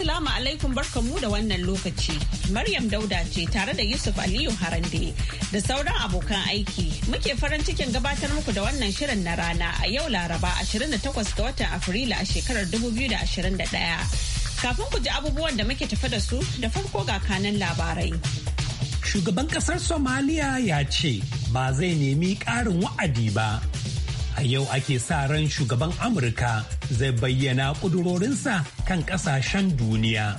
Assalamu alaikum barkamu da wannan lokaci. Maryam Dauda ce tare da Yusuf Aliyu Harande da sauran abokan aiki. Muke farin cikin gabatar muku da wannan shirin na rana a yau Laraba 28 ga watan Afrilu a shekarar 2021. Kafin ku ji abubuwan da muke tafi da su da farko ga kanan labarai. Shugaban kasar Somaliya ya ce ba zai nemi ƙarin wa'adi ba A yau ake sa ran shugaban Amurka zai bayyana ƙudurorinsa kan ƙasashen duniya.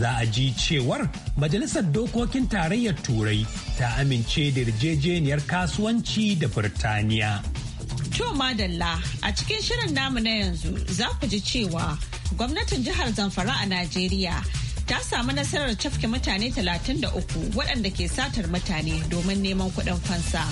Za a ji cewar Majalisar Dokokin Tarayyar Turai ta amince da yarjejeniyar kasuwanci da Birtaniya. To madalla a cikin shirin namu na yanzu za ku ji cewa gwamnatin jihar Zamfara a Najeriya ta samu nasarar cafke mutane 33 waɗanda ke satar mutane domin neman kuɗin fansa.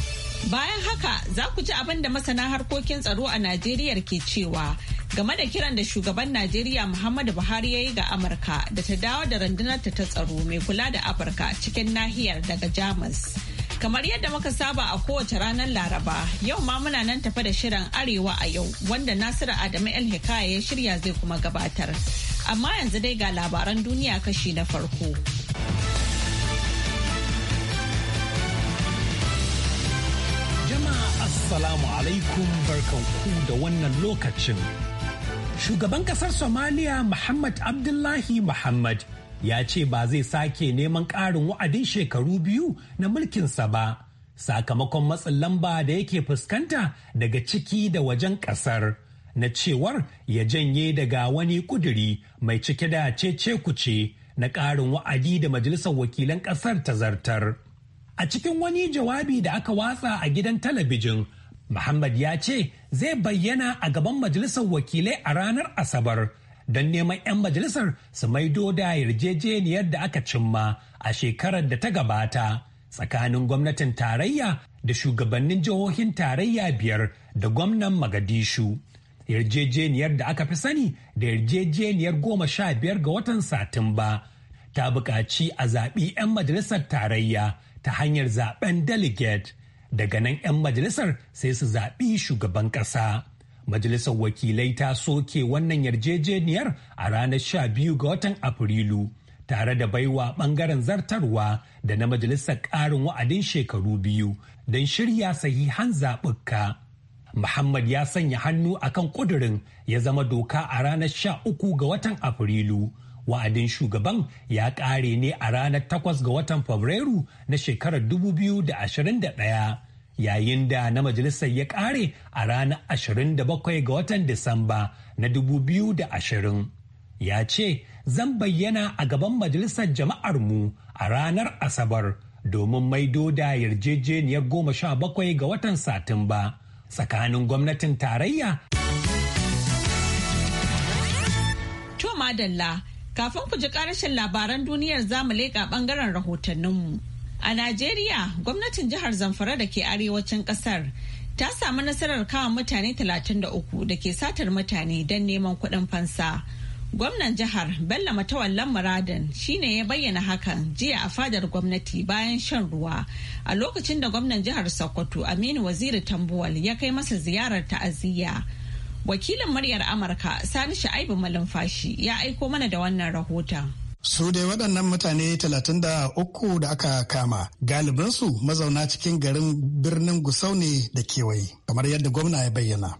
Bayan haka za ku ji abin da masana harkokin tsaro a Najeriya ke cewa game da kiran da shugaban Najeriya Muhammadu Buhari ya yi ga Amurka da ta dawo da rundunar ta tsaro mai kula da Afirka cikin nahiyar daga Jamus. Kamar yadda muka saba a kowace ranar Laraba, yau ma muna nan tafa da shirin Arewa a yau wanda Nasiru Adamu El Hikaya ya shirya zai kuma gabatar. Amma yanzu dai ga labaran duniya kashi na farko. Assalamu alaikum barkanku da wannan lokacin. Shugaban kasar Somaliya Muhammad Abdullahi Muhammad ya ce ba zai sake neman ƙarin wa'adin shekaru biyu na mulkinsa ba, sakamakon matsin lamba da yake fuskanta daga ciki da wajen ƙasar. Na cewar ya janye daga wani kuduri mai cike da ce cece ce, na ƙarin wa'adi da Majalisar Wakilan ƙasar ta zartar. a cikin wani jawabi da aka watsa a gidan talabijin Muhammad ya ce zai bayyana a gaban majalisar wakilai a ranar Asabar don neman 'yan majalisar su maido da yarjejeniyar da aka cimma a shekarar da ta gabata tsakanin gwamnatin tarayya da shugabannin jihohin tarayya biyar da gwamnan Magadishu. Yarjejeniyar da aka fi sani da yarjejeniyar goma sha biyar ga watan Satumba ta buƙaci a zaɓi 'yan majalisar tarayya ta hanyar zaɓen delegate daga nan 'yan majalisar sai su zaɓi shugaban ƙasa. Majalisar wakilai ta soke wannan yarjejeniyar a ranar sha biyu ga watan Afrilu tare da baiwa ɓangaren zartarwa da na majalisar ƙarin wa'adin shekaru biyu don shirya sahihan zaɓuka. Muhammad ya sanya hannu akan ƙudurin ya zama doka a ranar sha uku ga watan Afrilu. wa'adin shugaban ya ƙare ne a ranar 8 ga watan fabrairu na shekarar 2021 yayin da na majalisar ya ƙare a ranar 27 ga watan disamba na 2020 ya ce zan bayyana a gaban majalisar jama'ar mu a ranar asabar domin maido da yarjejeniyar goma sha bakwai ga watan satumba tsakanin gwamnatin tarayya To madalla Kafin ku ji ƙarashin labaran duniyar zamu leƙa ɓangaren rahotanninmu. A Najeriya, gwamnatin jihar Zamfara da ke arewacin ƙasar ta samu nasarar kama mutane 33 da ke satar mutane don neman kuɗin fansa. Gwamnan jihar Bello Matawallan Muradin shine ya bayyana hakan jiya a fadar gwamnati bayan shan ruwa a lokacin da gwamnan jihar Sokoto Aminu Waziri Tambuwal ya kai masa ziyarar ta'aziyya. Wakilin muryar Amurka Sani Sha'ibu Malumfashi ya aiko mana da wannan rahota. Su dai waɗannan mutane 33 da aka kama galibinsu mazauna cikin garin birnin Gusau ne da kewaye, kamar yadda gwamna ya bayyana.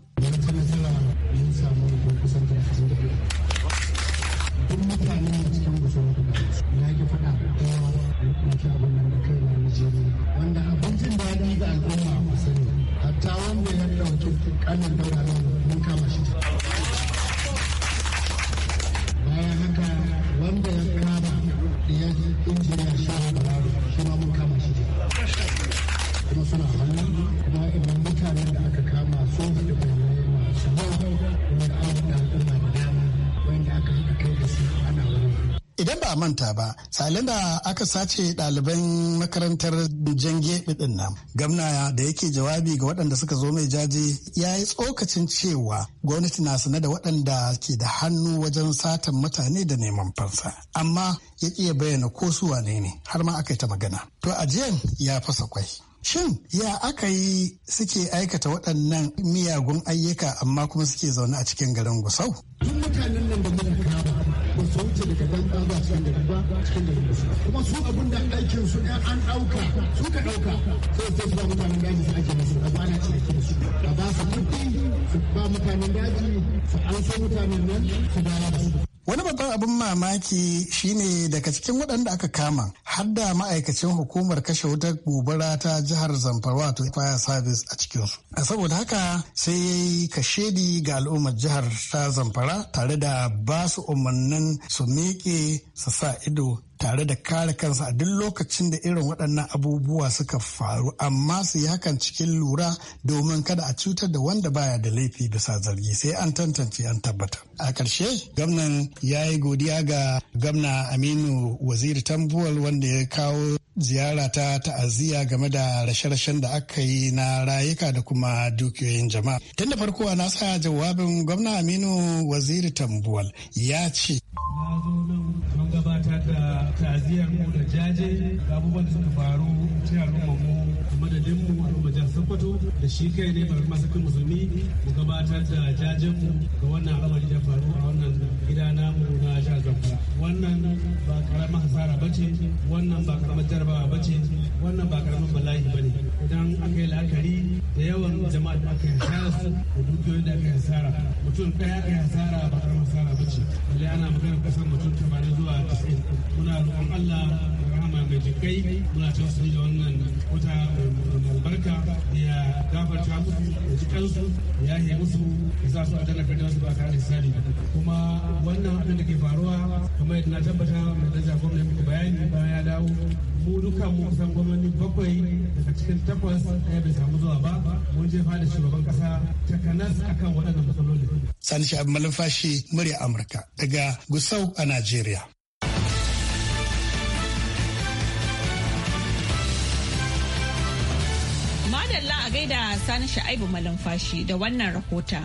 ba a manta ba salin da aka sace ɗaliban makarantar jange ɗin nan gamna da yake jawabi ga waɗanda suka zo mai jaje ya yi tsokacin cewa gwamnati na sane da waɗanda ke da hannu wajen satan mutane da neman fansa amma ya iya bayyana ko su wane ne har ma aka yi ta magana to ajiyan ya fasa kwai Shin ya aka yi suke aikata waɗannan miyagun ayyuka amma kuma suke zaune a cikin garin Gusau? kuma su abin da aikin su ɗan an ɗauka su ka ɗauka sai sai su ba mutanen daji su ake musu a bana ciniki da su a ba su kuɗi su ba mutanen daji su an so mutanen nan su da su Wani babban abin mamaki shine daga cikin waɗanda aka kama har da ma'aikacin hukumar kashe wutar gobara ta jihar Zamfara wato fire service a cikinsu. A saboda haka sai ya yi kashedi ga al'ummar jihar ta Zamfara tare da ba su umarnin su miƙe su sa ido tare da kare kansa a duk lokacin da irin waɗannan abubuwa suka faru amma su yi hakan cikin lura domin kada a cutar da wanda baya da laifi bisa zargi sai an tantance an tabbata a ƙarshe gwamnan ya yi godiya ga gwamna aminu waziri tambuwal wanda ya kawo ziyara ta ta'aziyya game da rashe-rashen da aka yi na rayuka da kuma dukiyoyin jama'a tun da farko a sa jawabin gwamna aminu waziri tambuwal ya ce gabata da taziyar mu da jaje da abubuwan da suka faru cikin al'ummar mu a madadin mu al'ummar jihar Sokoto da shi kai ne bari masu kan musulmi mu gabatar da jajen mu ga wannan al'amari da faru a wannan gida namu na jihar Zamfara wannan ce wannan ba karamar jarabawa ba ce wannan ba karamar bala'i ba ne idan aka yi la'akari da yawan jama'a da aka hasara su da dukiyoyin da aka hasara mutum ɗaya aka hasara ba karamar hasara ba ce ana magana kasar mutum 80 zuwa 90 muna roƙon Allah gajikai muna tausari da wannan wata mai albarka ya gafarta musu da jikansu ya yi musu za su adana fitar su ba tare da sani kuma wannan abin da ke faruwa kamar yadda na tabbata mai daraja gwamnati muku bayani bayan ya dawo mu duka mu kusan gwamnati bakwai daga cikin takwas ɗaya bai samu zuwa ba mun je fada shugaban kasa kanas akan waɗannan matsaloli. Sani Shabi Malumfashi murya Amurka daga Gusau a Najeriya. da Sani Sha'aibu Malumfashi da wannan rahota.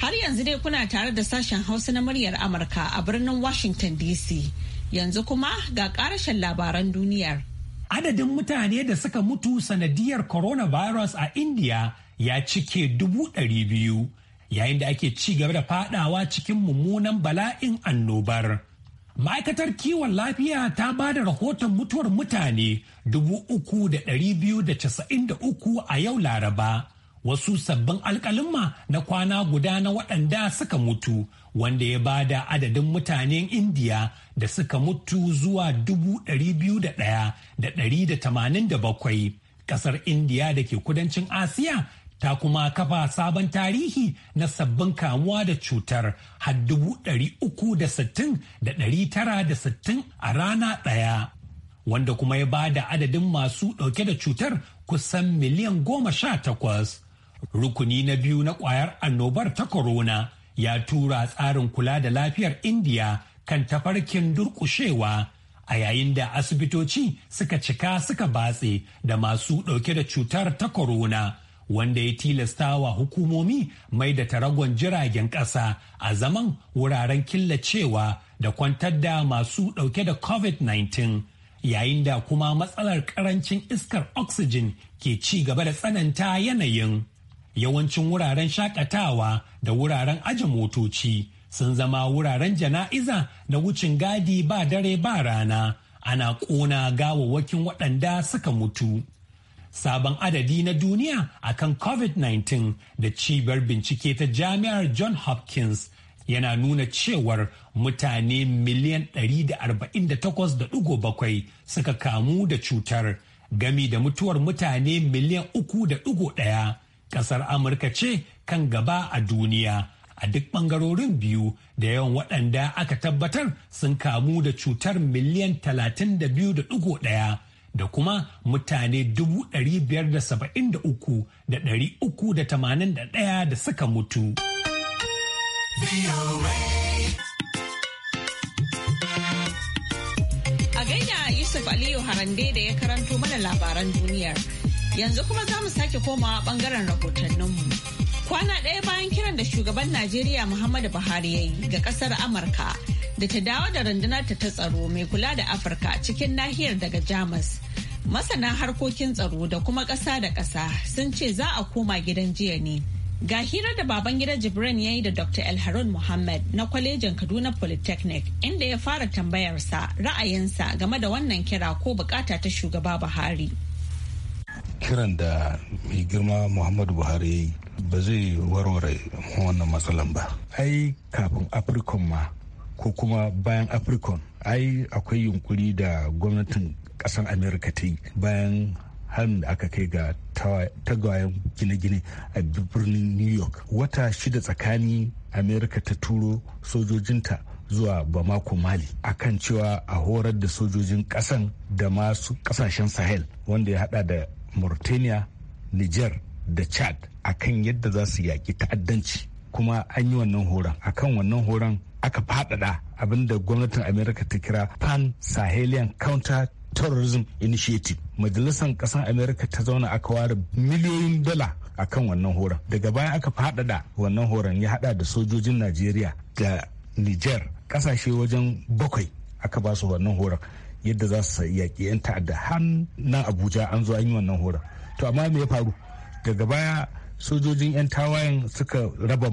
Har yanzu dai kuna tare da sashen Hausa na muryar Amurka a birnin Washington DC. Yanzu kuma ga ƙarashen labaran duniyar. Adadin mutane da suka mutu sanadiyar coronavirus a India ya cike dubu ɗari biyu yayin da ake ci gaba da fadawa cikin mummunan bala'in annobar. Ma'aikatar kiwon lafiya ta ba da rahoton mutuwar mutane 3,293 a yau Laraba. Wasu sabbin alkalinma na kwana guda na waɗanda suka mutu, wanda ya ba da adadin mutanen Indiya da suka mutu zuwa 2,287. Ƙasar Indiya da ke kudancin Asiya ta kuma kafa sabon tarihi na sabbin kamuwa da cutar har uku da da sittin a rana ɗaya. Wanda kuma ya bada adadin masu ɗauke da cutar kusan miliyan goma sha takwas. Rukuni na biyu na ƙwayar annobar ta corona ya tura tsarin kula da lafiyar Indiya kan tafarkin durƙushewa a yayin da asibitoci suka cika suka batse da masu ɗauke da cutar ta corona. wanda ya tilasta wa hukumomi mai da taragon jiragen ƙasa a zaman wuraren killacewa da kwantar da masu ɗauke da covid-19 yayin da kuma matsalar ƙarancin iskar oxygen ke ci gaba da tsananta yanayin yawancin wuraren shakatawa da wuraren aje motoci sun zama wuraren jana'iza da wucin gadi ba dare ba rana ana ƙona gawawwakin waɗanda suka mutu sabon adadi na duniya akan covid-19 da cibiyar bincike ta jami'ar john hopkins yana nuna cewar mutane miliyan 148.7 suka kamu da cutar gami da mutuwar mutane miliyan 3.1 kasar amurka ce kan gaba a duniya a duk bangarorin biyu da yawan waɗanda aka tabbatar sun kamu da cutar miliyan 32.1 da kuma mutane biyar da suka mutu. A gaida Yusuf Aliyu Harande da ya karanto mana labaran duniyar. Yanzu kuma za mu sake komawa bangaren rahotanninmu. Kwana ɗaya bayan kiran da shugaban Najeriya Muhammadu Buhari ya yi ga ƙasar Amurka da ta dawo da rundunar ta tsaro mai kula da Afirka cikin nahiyar daga Jamus. Masana harkokin tsaro da kuma ƙasa da ƙasa sun ce za a koma gidan jiya ne. Ga hira da baban gidan Jibrin ya yi da Dr. Elharun Muhammad na kwalejin Kaduna Polytechnic inda ya fara tambayarsa ra'ayinsa game da wannan kira ko bukata ta shugaba Buhari. Kiran da mai girma Muhammadu Buhari ya yi ba zai warware wannan matsalan ba ai kafin Afrikan ma ko kuma bayan Afrikan ai akwai yunkuri da gwamnatin ƙasar amerika ta yi bayan harin da aka kai ga tagwayen gine-gine a birnin new york wata shida tsakani amerika ta turo sojojinta zuwa bamako mali akan cewa a horar da sojojin ƙasan da masu ƙasashen sahel wanda ya hada da mauritania niger da chad a kan yadda za su yaƙi ta'addanci kuma an yi wannan horon a kan wannan horon aka faɗaɗa abinda gwamnatin america ta kira pan sahelian counter terrorism initiative majalisar ƙasar america ta zauna aka ware miliyoyin dala a kan wannan horon daga baya aka faɗaɗa wannan horon ya haɗa da sojojin nigeria da niger ƙasashe wajen bakwai aka ba su wannan horon yadda za su yaƙi 'yan ta'adda har nan abuja an zo an yi wannan horon to amma me ya faru daga baya sojojin 'yan tawayen suka raba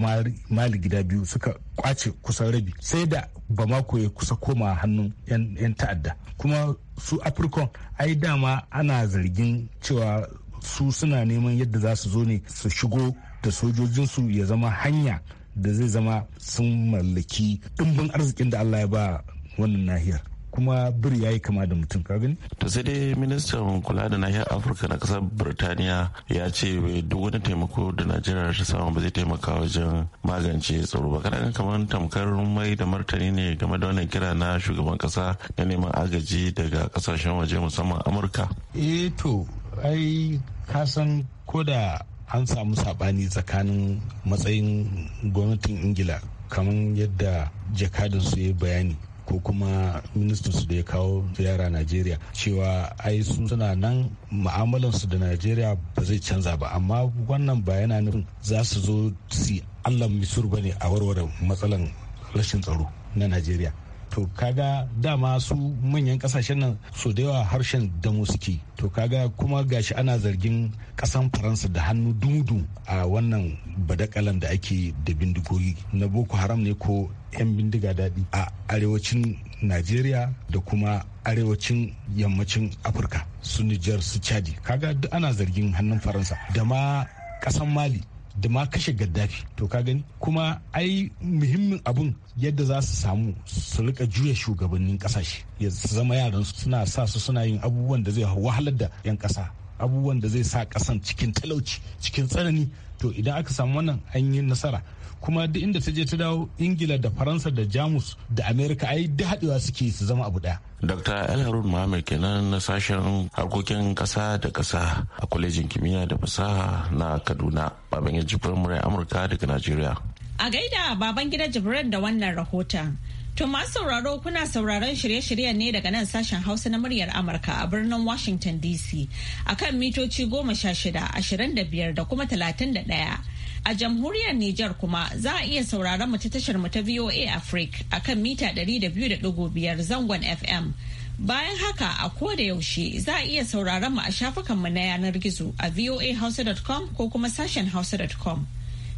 mali gida biyu suka kwace kusan rabi sai da bamako ya kusa koma hannun 'yan ta'adda kuma su afirkon ai dama ana zargin cewa su suna neman yadda za su zo ne su shigo da sojojinsu ya zama hanya da zai zama sun mallaki ɗimbin arzikin da allah ya ba wannan nahiyar kuma biri ya yi kama da mutum ka gani. to sai dai ministan kula da nahiyar afirka na kasar birtaniya ya ce duk wani taimako da najeriya ta samu ba zai taimaka wajen magance tsaro ba kana kamar tamkar mai da martani ne game da wannan kira na shugaban kasa na neman agaji daga kasashen waje musamman amurka. eh to ai ka san ko da an samu saɓani tsakanin matsayin gwamnatin ingila kamar yadda jakadin su ya bayani ko kuma ministan su da ya kawo ziyara najeriya cewa ai su suna nan mu'amalan da najeriya ba zai canza ba amma wannan ba yana nufin za su zo su allah misur ba ne a warware matsalan rashin tsaro na najeriya to kaga dama su manyan kasashen nan so da yawa harshen da suke to kaga kuma gashi ana zargin kasan faransa da hannu dundu a wannan badakalan da ake da bindigogi na boko haram ne ko 'yan bindiga daɗi a arewacin najeriya da kuma arewacin yammacin afirka su nijar su chadi kaga duk ana zargin hannun faransa da ma kasan mali da ma kashe gaddafi to ka gani kuma ai muhimmin abun yadda za su samu su rika juya shugabannin kasashe ya zama yaran suna sa su suna yin abubuwan da zai wahalar da 'yan kasa abubuwan da zai sa kasan cikin talauci cikin tsanani to idan aka samu wannan an yi nasara kuma duk inda ta je ta dawo ingila da faransa da jamus da amerika ai duk haɗewa suke su zama abu ɗaya Dr. El Harun Mohamed kenan na sashen harkokin kasa da kasa a kwalejin kimiyya da fasaha na Kaduna, babangin Jibril murai Amurka daga Najeriya. A gaida baban gidan jibril da wannan rahoton. To masu sauraro kuna sauraron shirye-shiryen ne daga nan sashen Hausa na muryar Amurka a birnin Washington DC akan mitoci goma sha shida, ashirin da biyar da kuma talatin da ɗaya. A jamhuriyar Nijar kuma za a iya sauraron ta tashar mu ta VOA Africa kan mita ɗari da biyu da ɗigo biyar zangon FM. Bayan haka a da yaushe za a iya sauraron mu a shafukanmu na yanar gizo a voahausa.com ko kuma sashen hausa.com.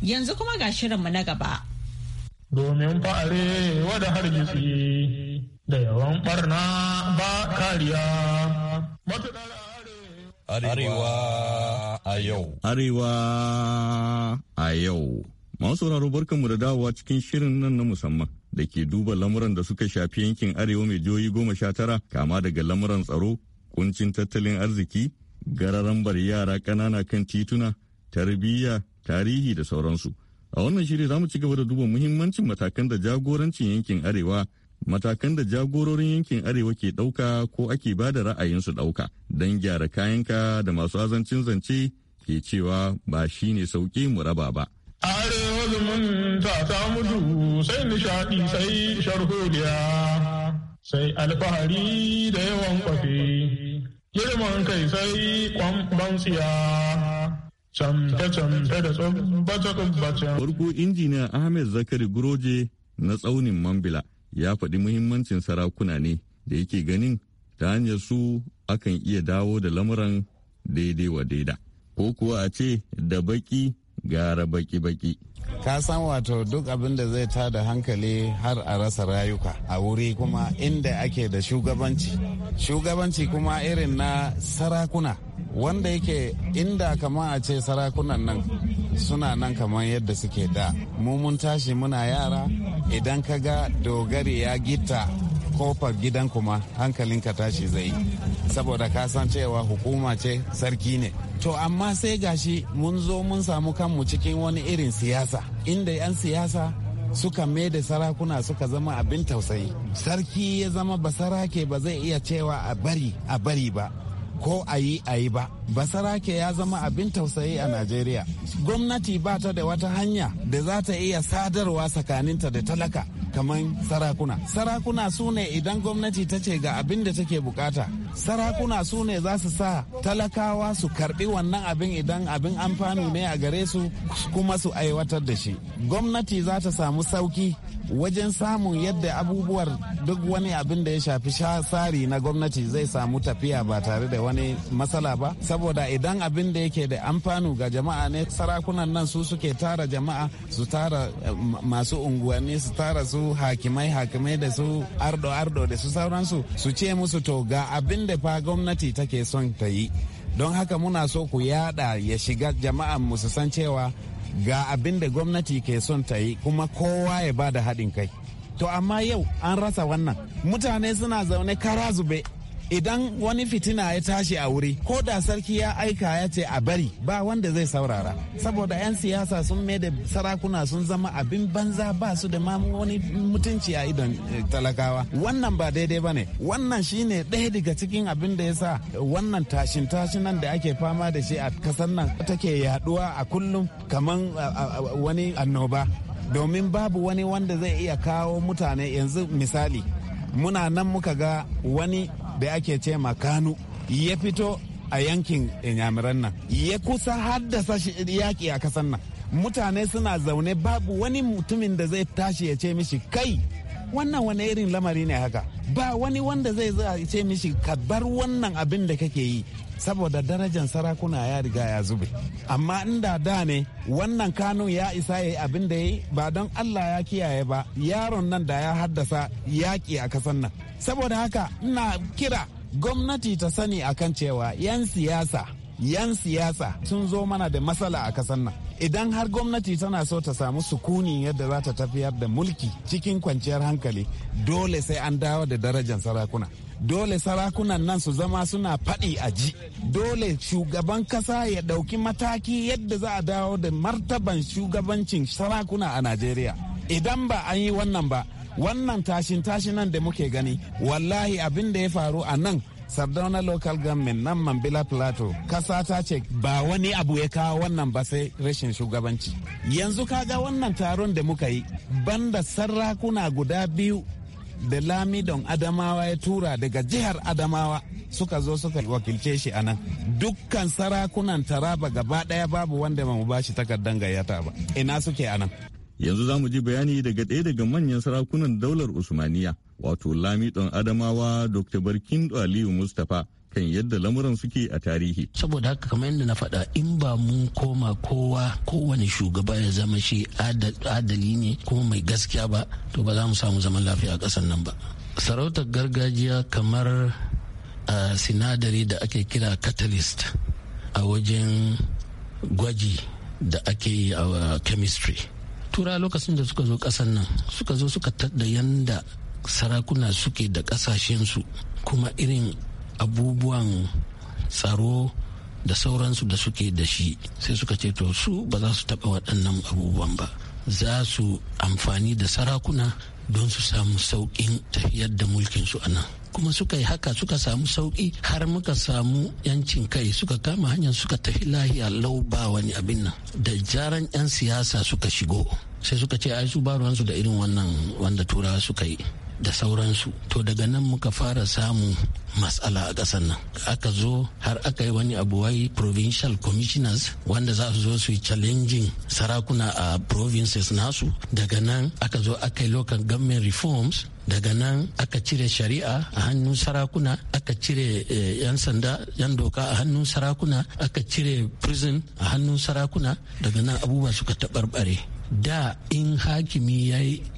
Yanzu kuma ga shirinmu na gaba. domin fa'are wada hargitsi da yawan barna ba kariya. Arewa a yau. Arewa a yau. Masu sauraro barkanmu da dawowa cikin shirin nan na musamman da ke duba lamuran da suka shafi yankin arewa mai jihohi goma sha tara kama daga lamuran tsaro, kuncin tattalin arziki, gararambar yara ƙanana kan tituna, tarbiyya, tarihi da sauransu. A wannan shirin za mu ci gaba da duba muhimmancin matakan da jagorancin yankin Arewa matakan da jagororin yankin arewa ke ɗauka ko ake ba da ra'ayinsu ɗauka don gyara kayanka da masu azancin zance ke cewa ba shi ne sauƙi mu raba ba. Arewa zumunta ta mudu sai nishaɗi sai sharholiya sai alfahari da yawan kwafe girman kai sai kwamban Farko injiniya Ahmed Zakari Guroje na tsaunin Mambila ya faɗi muhimmancin sarakuna ne da yake ganin ta hanyar su akan iya dawo da lamuran daidai wa daida. Ko kuwa a ce da baki gara baki-baki. Ka san wato duk abin da zai da hankali har a rasa rayuka a wuri kuma inda ake da shugabanci. Shugabanci kuma irin na sarakuna. wanda yake inda kama a ce sarakunan nan suna nan kamar yadda suke da mu mun tashi muna yara idan ka ga dogari ya gita kofar gidan kuma hankalin ka tashi zai saboda ka san cewa hukuma ce sarki ne to amma sai gashi mun zo mun samu kanmu cikin wani irin siyasa inda 'yan siyasa suka maida da sarakuna suka zama abin tausayi sarki ya zama ba saraki ba zai iya cewa a bari a bari ba ko a yi a yi ba basarake ya zama abin tausayi a najeriya gwamnati ba ta da wata hanya da za ta iya sadarwa tsakaninta da talaka kamar sarakuna sarakuna su ne idan gwamnati ta ce ga abin da take bukata sarakuna su ne za su sa talakawa su karbi wannan abin idan abin amfani ne a gare su kuma su aiwatar da shi gwamnati za ta samu sauki wajen samun yadda abubuwar duk wani abin da ya shafi tsari na gwamnati zai samu tafiya ba tare da wani matsala ba saboda idan abin da yake da amfanu ga jama'a ne sarakunan nan su suke tara jama'a su tara eh, masu unguwanni su tara su hakimai hakimai da su ardo ardo da su sauransu su ce musu to ga abin abin da fa gwamnati take son ta yi don haka muna so ku yada ya shiga jama'an mu su san cewa ga abin da gwamnati ke son ta yi kuma kowa ya ba da haɗin kai to amma yau an rasa wannan mutane suna zaune kara zube idan wani fitina ya tashi a wuri ko da sarki ya aika ya ce a bari ba wanda zai saurara saboda 'yan siyasa sun mai da sarakuna sun zama abin banza ba su da ma wani mutunci a idon eh, talakawa wannan ba daidai ba ne wannan shine ɗaya daga cikin abin da ya sa wannan tashin tashin nan da ake fama da shi a kasar nan take yaduwa a kullum kamar wani annoba domin babu wani wanda zai iya kawo mutane yanzu misali muna nan muka ga wani da ake ce makanu ya fito a yankin inyamiran nan ya kusa haddasa shi yaƙi a kasan nan mutane suna zaune babu wani mutumin da zai tashi ya ce mishi kai wannan wani irin lamari ne haka ba wani wanda zai ce mishi ka bar wannan abin da kake yi saboda darajar sarakuna ya riga ya zube amma inda da ne wannan kanun ya isa ya yi abin da ya yi ba don allah ya kiyaye ba yaron nan da ya haddasa yaƙi a kasan nan saboda haka ina kira gwamnati ta sani akan cewa 'yan siyasa yan siyasa sun zo mana da matsala a kasar nan idan har gwamnati tana so ta samu sukuni yadda za ta tafiyar da mulki cikin kwanciyar hankali dole sai an dawo da darajar sarakuna dole sarakunan nan su zama suna faɗi a ji dole shugaban kasa ya ɗauki mataki yadda za a dawo da martaban shugabancin sarakuna a najeriya idan ba an yi wannan ba wannan tashin nan da muke gani wallahi abin da ya faru a nan sardauna local government nan mambila plateau kasa ta ce ba wani abu ya kawo wannan ba sai rashin shugabanci yanzu kaga wannan taron da muka yi banda sarakuna guda biyu da lamidon adamawa ya tura daga jihar adamawa suka zo suka wakilce shi anan dukkan sarakunan taraba gaba daya babu wanda ba mu bashi takardar gayyata ba ina suke anan Yanzu za mu ji bayani daga ɗaya daga manyan sarakunan daular Usmaniya, wato Lamidon Adamawa Dr. Barkin Aliyu Mustapha kan yadda lamuran suke a tarihi. Saboda haka kamar yadda na faɗa in ba mu koma kowa kowane shugaba ya zama shi adali ne kuma mai gaskiya ba to ba za mu samu zaman lafiya a ƙasar nan ba. Sarautar gargajiya kamar a sinadari da ake kira catalyst a wajen gwaji da ake yi a chemistry. tura lokacin da suka zo kasan nan suka zo suka tadda yanda sarakuna suke da kasashensu kuma irin abubuwan tsaro da sauransu da suke da shi sai suka ce to su ba za su taɓa waɗannan abubuwan ba za su amfani da sarakuna don su samu sauƙin tafiyar da mulkinsu a nan kuma suka yi haka suka samu sauki har muka samu yancin kai suka kama hanyar suka tafi lahiya lau ba wani abin nan da jaran 'yan siyasa suka shigo sai suka ce ai su ba ruwansu da irin wannan wanda turawa suka yi da sauransu to daga nan muka fara samu matsala a ƙasar nan aka zo har aka yi wani abuwai wai provincial commissioners wanda za su zo su yi challenging sarakuna a provinces nasu daga nan aka zo aka yi local government reforms daga nan aka cire shari'a a hannun sarakuna aka cire eh, yan sanda yan doka a hannun sarakuna aka cire prison a hannun sarakuna daga nan abubuwa suka taɓarɓare da in hakimi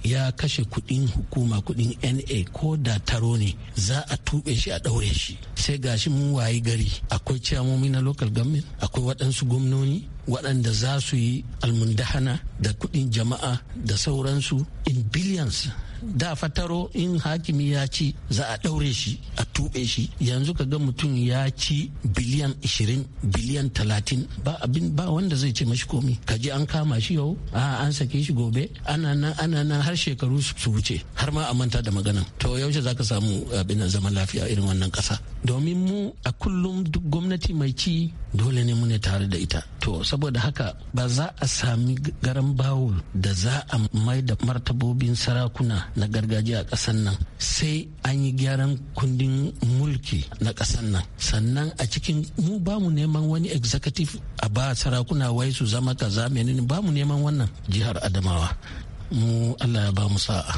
ya, kashe kudin hukuma kudin na ko da taro ne za a tuɓe shi a ɗaure shi sai gashi mun wayi gari akwai ciyamomi na local government akwai waɗansu gwamnoni waɗanda za su yi almundahana da kudin jama'a da sauransu in billions da fataro in hakimi ya ci za a ɗaure shi a tuɓe shi yanzu ka ga mutum ya ci biliyan 20 biliyan 30 ba abin ba wanda zai ce mashi komi ka ji an kama shi yau a an sake shi gobe ana nan ana nan har shekaru su wuce har ma a manta da magana. to yaushe za ka samu abin zaman lafiya irin wannan ƙasa domin mu a kullum duk gwamnati mai ci dole ne mu tare da ita to saboda haka ba za a sami garan bawul da za a mai da martabobin sarakuna na gargajiya a ƙasar nan sai an yi gyaran kundin mulki na ƙasar nan sannan a cikin mu ba mu neman wani executive a ba sarakuna wai su zama kaza menene ba mu neman wannan jihar adamawa mu allah ya ba mu sa'a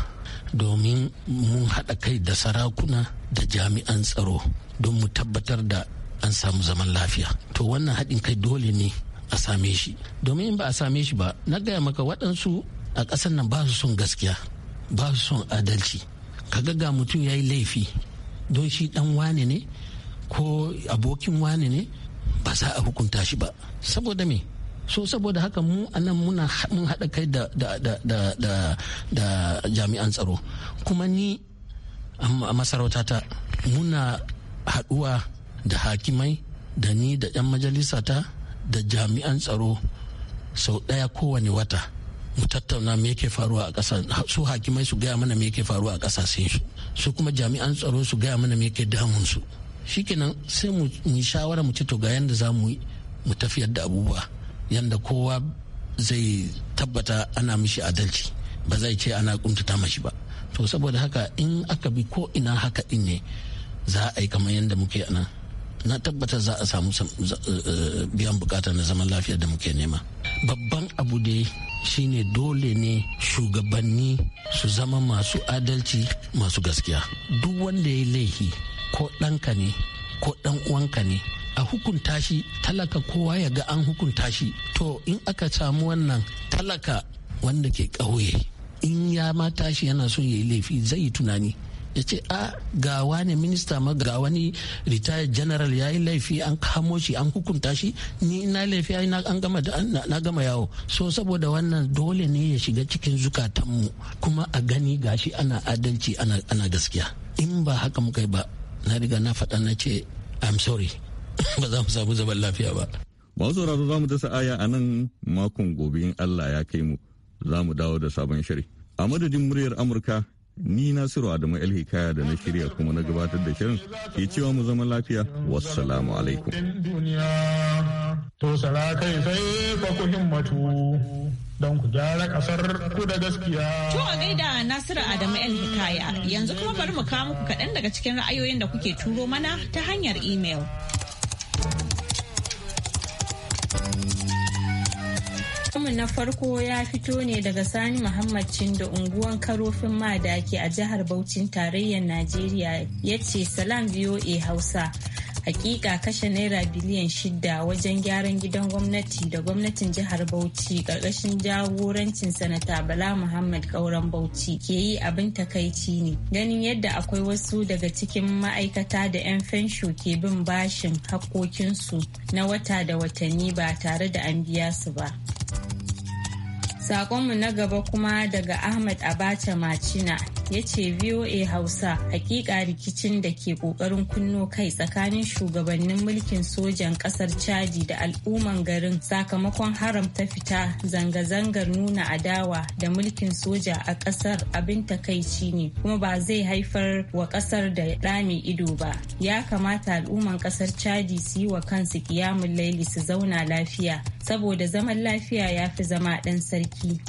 domin mun haɗa kai da sarakuna da jami'an tsaro don mu tabbatar da an samu zaman lafiya to wannan haɗin kai dole ne a same shi domin in ba a same shi ba na gaya maka waɗansu a ƙasar nan ba su son gaskiya ba su son adalci ka ga mutum ya yi laifi don shi ɗan wane ne ko abokin wane ne ba za a hukunta shi ba saboda me so saboda haka mu anan muna mun haɗa kai da, da, da, da, da jami'an tsaro kuma ni a masarautata muna haɗuwa da hakimai da ni da 'yan majalisa ta da jami'an tsaro sau ɗaya kowane wata mu tattauna me yake faruwa a ƙasa su hakimai su gaya mana me yake faruwa a ƙasashen su su kuma jami'an tsaro su gaya mana me yake damun su shikenan sai mu yi shawara mu ci to ga yanda za mu mu tafiyar da abubuwa yanda kowa zai tabbata ana mishi adalci ba zai ce ana kuntata mashi ba to saboda haka in aka bi ko ina haka din ne za a yi kamar yanda muke nan na tabbata za a samu eh, eh, biyan bukata na zaman lafiya da muke nema babban abu dai shine dole ne shugabanni su zama masu adalci masu gaskiya duk wanda ya laifi ko ɗanka ne ko ɗan uwanka ne a hukunta shi talaka kowa ya ga an hukunta shi to in aka samu wannan talaka wanda ke ƙauye in ya ma tashi yana son ya yi laifi zai yi tunani ya ce a ga wani minista ma ga wani retired general ya yi laifi an kamo shi an hukunta shi ni na laifi an gama na gama yawo so saboda wannan dole ne ya shiga cikin zukatanmu kuma a gani gashi ana adalci ana gaskiya in ba haka muka yi ba na riga na faɗa na ce i'm sorry ba za mu samu zaman lafiya ba masu sauraro za mu dasa aya a nan makon gobe in allah ya kai mu za mu dawo da sabon shiri a madadin muryar amurka ni nasiru adamu el hikaya da na shirya kuma na gabatar da shirin ke cewa mu zama lafiya wassalamu alaikum to kai sai fa ku himmatu don ku gyara kasar ku da gaskiya to a gaida nasiru adamu el hikaya yanzu kuma bari mu kawo muku kaɗan daga cikin ra'ayoyin da kuke turo mana ta hanyar email mu na farko ya fito ne daga Sani Muhammad Cindo unguwan Karofin Madaki a jihar Bauchin tarayyar Najeriya ya ce Salam VOA Hausa. hakika kashe naira biliyan shida wajen gyaran gidan gwamnati da gwamnatin jihar bauchi karkashin jagorancin sanata bala muhammad kauran bauchi ke yi abin takaici ne ganin yadda akwai wasu daga cikin ma'aikata da 'yan fensho ke bin bashin hakkokinsu na wata da watanni ba tare da an biya su ba Sakonmu na gaba kuma daga Ahmad Abacha Macina ya ce VOA Hausa hakika rikicin da ke kokarin kunno kai tsakanin shugabannin mulkin sojan kasar Chadi da al'umman garin sakamakon haramta fita zanga-zangar nuna adawa da mulkin soja a kasar abin takaici ne kuma ba zai haifar wa kasar da dame ido ba. Ya kamata al'umman kasar Chadi su yi wa kansu kiyamun laili su zauna lafiya saboda zaman lafiya ya fi zama ɗan sarki.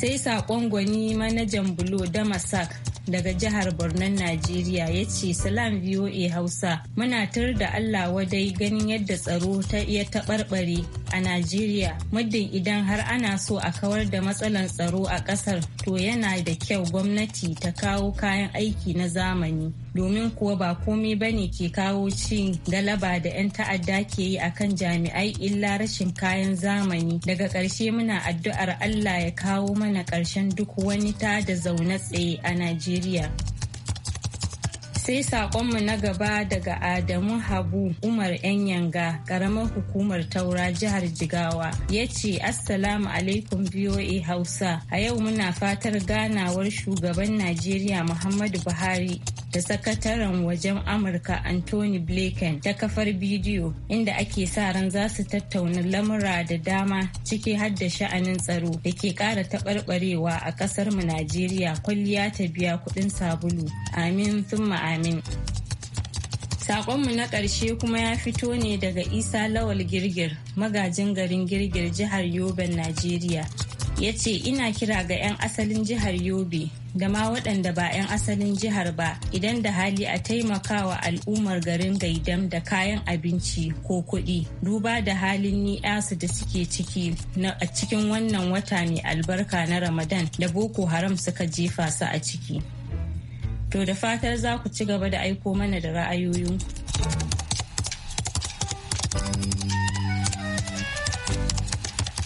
sai saƙon gwani manajan bulo da damasak daga jihar Bornon Najeriya ya ce salam VOA Hausa muna tar da Allah wadai ganin yadda tsaro ta iya taɓarɓare a Najeriya muddin idan har ana so a kawar da matsalan tsaro a ƙasar to yana da kyau gwamnati ta kawo kayan aiki na zamani domin kuwa ba komai bane ke kawo cin galaba da 'yan ta'adda ke yi a kan jami'ai illa rashin kayan zamani daga ƙarshe muna addu'ar Allah ya kawo mana ƙarshen duk wani ta da zaune tsaye a Najeriya. Najeriya. Sai saƙonmu na gaba daga Adamu Habu Umar Yanga ƙaramar hukumar Taura jihar Jigawa ya ce Assalamu alaikum VOA Hausa. A yau muna fatar ganawar shugaban Najeriya Muhammadu Buhari da sakataren wajen Amurka Anthony Blinken ta kafar bidiyo inda ake sa ran za su tattauna lamura da dama ciki har da sha'anin tsaro da ke kara taɓarɓarewa a ƙasar mu Najeriya kwalliya ta biya kuɗin sabulu. Amin thumma amin. Sakonmu na ƙarshe kuma ya fito ne daga Isa Lawal Girgir, magajin garin Girgir jihar Yoban, Najeriya. ya ce ina kira ga 'yan asalin jihar yobe da ma waɗanda ba 'yan asalin jihar ba idan da hali a taimaka wa al'ummar garin gaidam da kayan abinci ko kuɗi duba da halin ni'asu da suke ciki a cikin wannan wata mai albarka na ramadan da boko haram suka jefa su a ciki to da fatar za ku ci gaba da aiko mana da ra'ayoyinku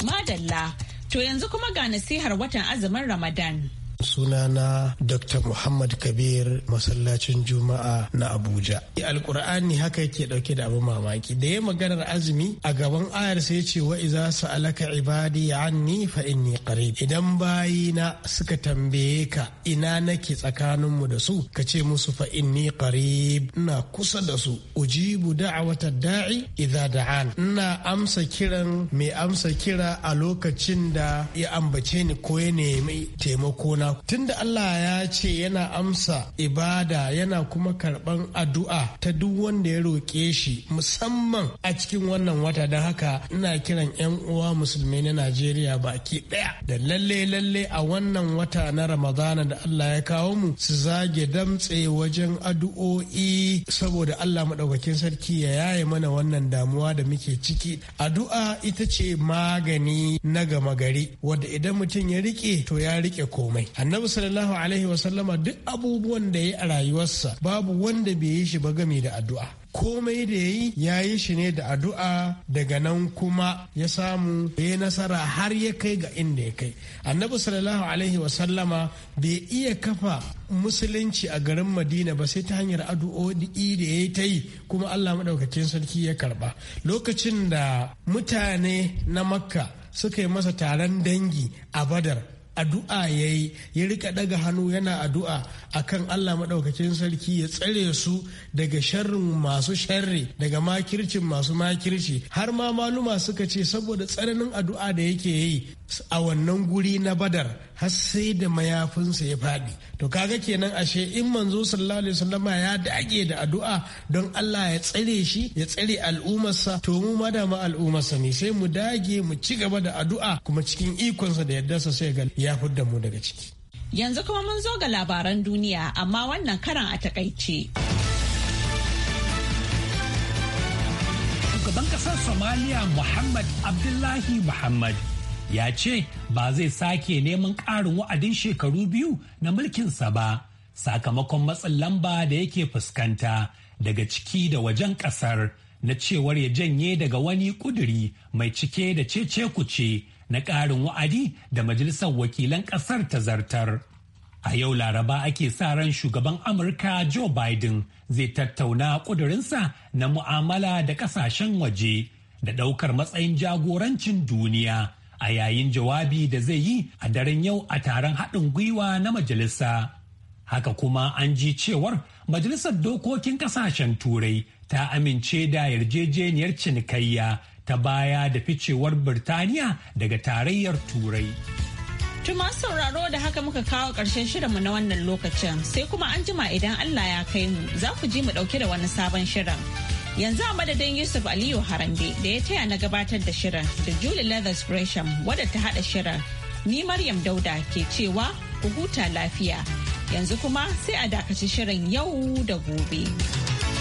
madalla To yanzu kuma ga nasihar watan azumin Ramadan. sunana dr muhammad kabir masallacin juma'a na abuja alkur'ani haka yake dauke da abin mamaki da ya maganar azumi a gaban ayar sai ce wa iza alaka ibadi anni fa inni qarib idan bayina suka tambaye ka ina nake tsakaninmu da su ka ce musu fa inni qarib ina kusa da su ujibu da'awata da'i idza da'an ina amsa kiran mai amsa kira a lokacin da ya ambace ni ko ya nemi taimako na tunda Allah ya ce yana amsa ibada yana kuma karban addu'a ta duk wanda ya roƙe shi musamman a cikin wannan wata don haka ina kiran 'yan uwa musulmai na Najeriya baki ɗaya da lalle lalle a wannan wata na Ramadana da Allah ya kawo mu su zage damtse wajen addu'o'i saboda Allah maɗaukakin sarki ya yaye mana wannan damuwa da muke ciki addu'a ita ce magani na gama gari wadda idan mutum ya rike to ya rike komai annabi sallallahu alaihi wasallama duk abubuwan da ya a rayuwarsa babu wanda bai yi shi ba game da addu'a komai da ya yi ya yi shi ne da addu'a daga nan kuma ya samu ya yi nasara har ya kai ga inda ya kai annabi sallallahu alaihi wasallama bai iya kafa musulunci a garin madina ba sai ta hanyar addu'o'i da ya yi ta yi kuma allah maɗaukacin sarki ya karɓa lokacin da mutane na makka suka yi masa taron dangi a badar addu'a ya yi ya rika daga hannu yana addu'a akan Allah maɗaukacin sarki ya tsare su daga sharrin masu sharri daga makircin masu makirci har ma maluma suka ce saboda tsananin addu'a da yake yi a wannan guri na badar har sai da mayafinsa ya faɗi to kaga kenan ashe in manzo sallallahu alaihi wasallama ya dage da addu'a don Allah ya tsare shi ya tsare al'ummarsa to mu ma da ma al'ummarsa ne sai mu dage mu ci gaba da addu'a kuma cikin ikonsa da yaddarsa sai ga ya fudda mu daga ciki yanzu kuma mun zo ga labaran duniya amma wannan karan a takaice shugaban kasar somaliya muhammad abdullahi muhammad ya ce ba zai sake neman ƙarin wa'adin shekaru biyu na mulkinsa ba sakamakon matsin lamba da yake fuskanta daga ciki da wajen ƙasar na cewar ya janye daga wani kuduri mai cike da cece kuce na ƙarin wa'adi da majalisar wakilan ƙasar ta zartar. A yau Laraba ake sa ran shugaban Amurka Joe Biden zai tattauna kudurinsa na mu'amala da ƙasashen waje da ɗaukar matsayin jagorancin duniya. a yayin jawabi da zai yi a daren yau a taron haɗin gwiwa na majalisa. Haka kuma an ji cewar Majalisar Dokokin Ƙasashen Turai ta amince da yarjejeniyar cinikayya ta baya da ficewar Birtaniya daga tarayyar Turai. Tuma sauraro da haka muka kawo ƙarshen shirinmu na wannan lokacin sai kuma an jima idan Allah ya kai mu za ku ji mu ɗauke da wani sabon shirin. Yanzu a madadin Yusuf Aliyu Harambe da ya taya na gabatar da shirin da Julie Leathers Gresham wadda ta haɗa shirin. Ni Maryam Dauda ke cewa ku huta lafiya. Yanzu kuma sai a dakaci shirin yau da gobe.